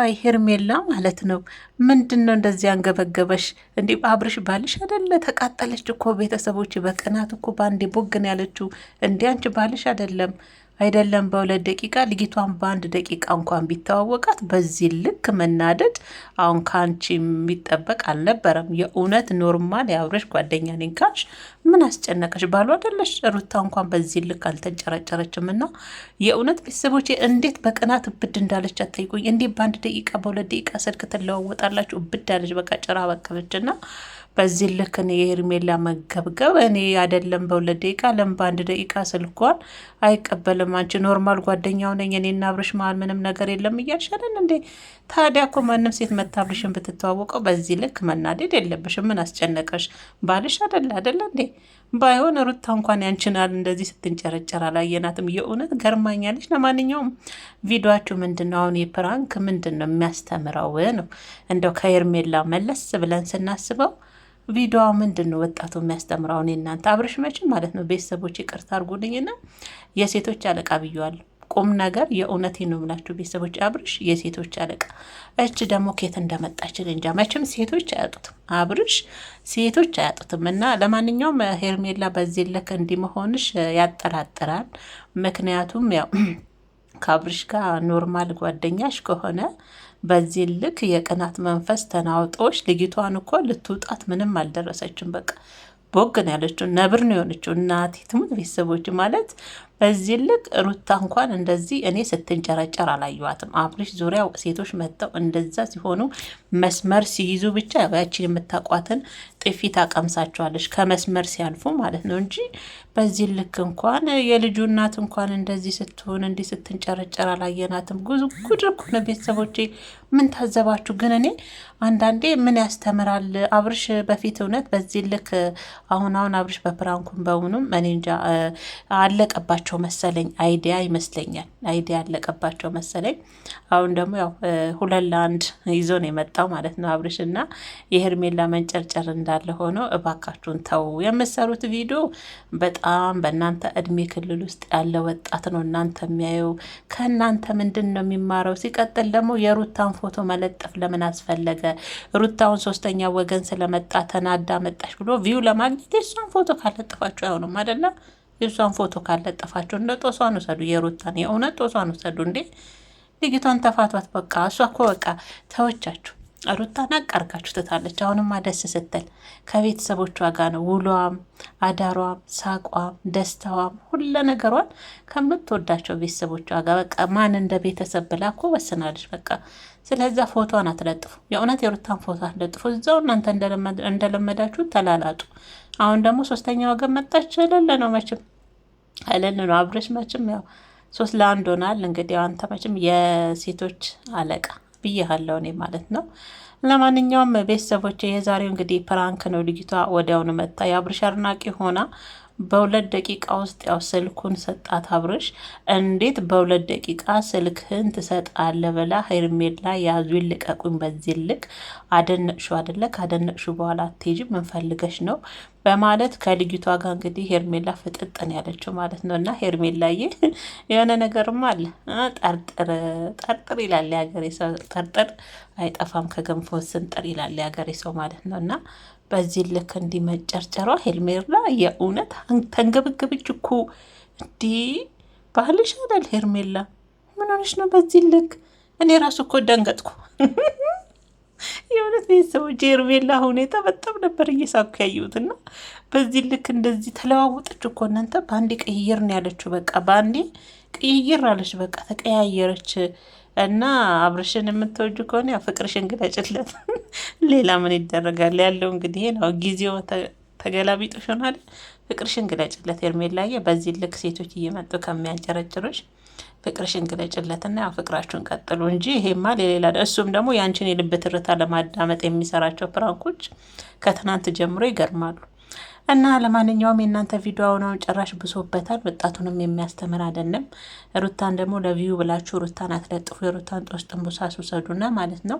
አይ ሄርሜላ ማለት ነው። ምንድን ነው እንደዚህ አንገበገበሽ? እንዲህ አብርሽ ባልሽ አደለ? ተቃጠለች እኮ ቤተሰቦች በቅናት እኮ በአንዴ ቦግን ያለችው እንዲህ አንቺ ባልሽ አይደለም አይደለም በሁለት ደቂቃ ልጅቷን በአንድ ደቂቃ እንኳን ቢተዋወቃት በዚህ ልክ መናደድ አሁን ከአንቺ የሚጠበቅ አልነበረም። የእውነት ኖርማል የአብረሽ ጓደኛ ነኝ ካልሽ ምን አስጨነቀሽ? ባሉ አደለሽ ሩታ እንኳን በዚህ ልክ አልተንጨረጨረችም። እና የእውነት ቤተሰቦች እንዴት በቅናት እብድ እንዳለች አትጠይቁኝ። እንዴት በአንድ ደቂቃ በሁለት ደቂቃ ስልክ ትለዋወጣላችሁ? እብድ አለች። በቃ ጭራ በቀበችና በዚህ ልክ እኔ የሄርሜላ መገብገብ። እኔ አይደለም በሁለት ደቂቃ ለም በአንድ ደቂቃ ስልኳን አይቀበልም። አንቺ ኖርማል ጓደኛው ነኝ እኔና አብርሽ መሀል ምንም ነገር የለም እያልሻለን እንዴ? ታዲያ እኮ ማንም ሴት መታብልሽን ብትተዋወቀው በዚህ ልክ መናደድ የለብሽም። ምን አስጨነቀሽ? ባልሽ አደለ አደለ እንዴ? ባይሆን ሩታ እንኳን ያንችናል እንደዚህ ስትንጨረጨር አላየናትም። የእውነት ገርማኛለች። ለማንኛውም ቪዲዮችሁ ምንድን ነው አሁን የፕራንክ ምንድን ነው የሚያስተምረው ነው እንደው ከሄርሜላ መለስ ብለን ስናስበው ቪዲዮ ምንድን ነው ወጣቱ የሚያስተምረው? እኔ እናንተ አብርሽ መቼም ማለት ነው ቤተሰቦች ይቅርታ አርጉልኝና የሴቶች አለቃ ብያዋል። ቁም ነገር የእውነቴ ነው የምላችሁ ቤተሰቦች፣ አብርሽ የሴቶች አለቃ። እች ደግሞ ኬት እንደመጣች እንጃ። መቼም ሴቶች አያጡትም፣ አብርሽ ሴቶች አያጡትም። እና ለማንኛውም ሄርሜላ በዚህ ልክ እንዲህ መሆንሽ ያጠራጥራል። ምክንያቱም ያው ከአብርሽ ጋር ኖርማል ጓደኛሽ ከሆነ በዚህ ልክ የቅናት መንፈስ ተናውጦች፣ ልጅቷን እኮ ልትውጣት ምንም አልደረሰችም። በቃ ቦግ ነው ያለችው፣ ነብር ነው የሆነችው። እናቴ ትሙት ቤተሰቦች ማለት በዚህ ልክ ሩታ እንኳን እንደዚህ እኔ ስትንጨረጨር አላየዋትም። አብርሽ ዙሪያ ሴቶች መጥተው እንደዛ ሲሆኑ መስመር ሲይዙ ብቻ ያችን የምታቋትን ጥፊ ታቀምሳቸዋለች፣ ከመስመር ሲያልፉ ማለት ነው እንጂ በዚህ ልክ እንኳን የልጁ እናት እንኳን እንደዚህ ስትሆን እንዲህ ስትንጨረጨር አላየናትም። ጉድ እኮ ነው ቤተሰቦቼ። ምን ታዘባችሁ ግን? እኔ አንዳንዴ ምን ያስተምራል አብርሽ በፊት እውነት በዚህ ልክ አሁን አሁን አብርሽ በፕራንኩም በውኑም እኔ እንጃ አለቀባቸው አለቀባቸው መሰለኝ፣ አይዲያ ይመስለኛል። አይዲያ አለቀባቸው መሰለኝ። አሁን ደግሞ ያው ሁለት ለአንድ ይዞ ነው የመጣው ማለት ነው አብርሽ እና የሄርሜላ መንጨርጨር እንዳለ ሆኖ፣ እባካችሁን ተው። የምሰሩት ቪዲዮ በጣም በእናንተ እድሜ ክልል ውስጥ ያለ ወጣት ነው እናንተ የሚያየው። ከእናንተ ምንድን ነው የሚማረው? ሲቀጥል ደግሞ የሩታን ፎቶ መለጠፍ ለምን አስፈለገ? ሩታውን ሶስተኛ ወገን ስለመጣ ተናዳ መጣሽ ብሎ ቪው ለማግኘት የእሷን ፎቶ ካለጠፋችሁ አይሆንም አይደለም? የእሷን ፎቶ ካለጠፋችሁ እንደ ጦሷን ውሰዱ፣ የሩታን የእውነት ጦሷን ውሰዱ። እንዴ ልጅቷን ተፋቷት። በቃ እሷ እኮ በቃ ተወቻችሁ። ሩታ ናቅ አርጋችሁ ትታለች። አሁንማ ደስ ስትል ከቤተሰቦቿ ጋር ነው ውሏም፣ አዳሯም፣ ሳቋም፣ ደስታዋም ሁለ ነገሯን ከምትወዳቸው ቤተሰቦቿ ጋር በቃ ማን እንደ ቤተሰብ ብላ እኮ ወስናለች። በቃ ስለዛ ፎቶን አትለጥፉ፣ የእውነት የሩታን ፎቶ አትለጥፉ። እዛው እናንተ እንደለመዳችሁ ተላላጡ። አሁን ደግሞ ሶስተኛ ወገን መጣች። የሌለ ነው መቼም ሀይለን ነው አብረሽ መችም ያው ሶስት ለአንድ ሆናል። እንግዲህ አንተ መችም የሴቶች አለቃ ብያለሁ እኔ ማለት ነው። ለማንኛውም ቤተሰቦች የዛሬው እንግዲህ ፕራንክ ነው። ልጅቷ ወዲያውኑ መታ የአብርሽ አድናቂ ሆና በሁለት ደቂቃ ውስጥ ያው ስልኩን ሰጣት። አብርሽ እንዴት በሁለት ደቂቃ ስልክህን ትሰጣለህ ብላ ሄርሜላ ያዙ ይልቀቁኝ በዚህ ልክ አደነቅሹ አደለ? ካደነቅሹ በኋላ አትሄጂም፣ ምንፈልገሽ ነው? በማለት ከልጅቷ ጋር እንግዲህ ሄርሜላ ፍጥጥን ያለችው ማለት ነው። እና ሄርሜላዬ የሆነ ነገርም አለ ጠርጥር ጠርጥር ይላል የሀገሬ ሰው፣ ጠርጥር አይጠፋም ከገንፎ ስንጥር ይላል የሀገሬ ሰው ማለት ነው። እና በዚህ ልክ እንዲህ መጨርጨሯ ሄርሜላ የእውነት ተንገብግብች እኮ እንዲህ ባህልሽ አላል ሄርሜላ ምን ሆነሽ ነው በዚህ ልክ? እኔ ራሱ እኮ ደንገጥኩ። የእውነት ቤተሰቦች የሄርሜላ ሁኔታ በጣም ነበር እየሳኩ ያየሁት እና በዚህ ልክ እንደዚህ ተለዋውጠች እኮ እናንተ። በአንዴ ቅይር ነው ያለችው፣ በቃ በአንዴ ቅይር አለች፣ በቃ ተቀያየረች። እና አብርሽን የምትወጁ ከሆነ ያው ፍቅርሽን ግለጭለት። ሌላ ምን ይደረጋል? ያለው እንግዲህ ነው ጊዜው ተገላቢጦሽ ሆናል። ፍቅርሽን ግለጭለት ሄርሜላዬ። በዚህ ልክ ሴቶች እየመጡ ከሚያጨረጭሮች ፍቅርሽን ግለጭለትና ያው ፍቅራችሁን ቀጥሉ እንጂ ይሄማ ለሌላ እሱም ደግሞ ያንቺን የልብ ትርታ ለማዳመጥ የሚሰራቸው ፕራንኮች ከትናንት ጀምሮ ይገርማሉ። እና ለማንኛውም የእናንተ ቪዲዮ አሁን ጭራሽ ብሶበታል። ወጣቱንም የሚያስተምር አይደለም። ሩታን ደግሞ ለቪዩ ብላችሁ ሩታን አትለጥፉ። የሩታን ጦስ ጥንቡሳ ስውሰዱና ማለት ነው።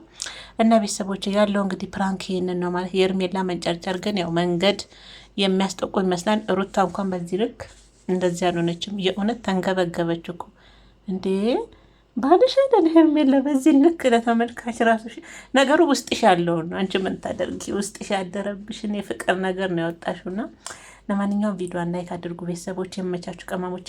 እና ቤተሰቦች ያለው እንግዲህ ፕራንክ ይህንን ነው ማለት የእርሜላ መንጨርጨር ግን ያው መንገድ የሚያስጠቁ ይመስላል። ሩታ እንኳን በዚህ ልክ እንደዚህ ያልሆነችም የእውነት ተንገበገበች እኮ እንዴ ባልሽ አይደል? ሄርሜላ በዚህ ልክ ለተመልካች ራሱ ነገሩ ውስጥሽ ያለውን ነው። አንቺ ምን ታደርጊ? ውስጥሽ ያደረብሽን የፍቅር ነገር ነው ያወጣሽው። እና ለማንኛውም ቪዲዮ ላይክ አድርጉ ቤተሰቦች። የመቻችሁ ቀማሞች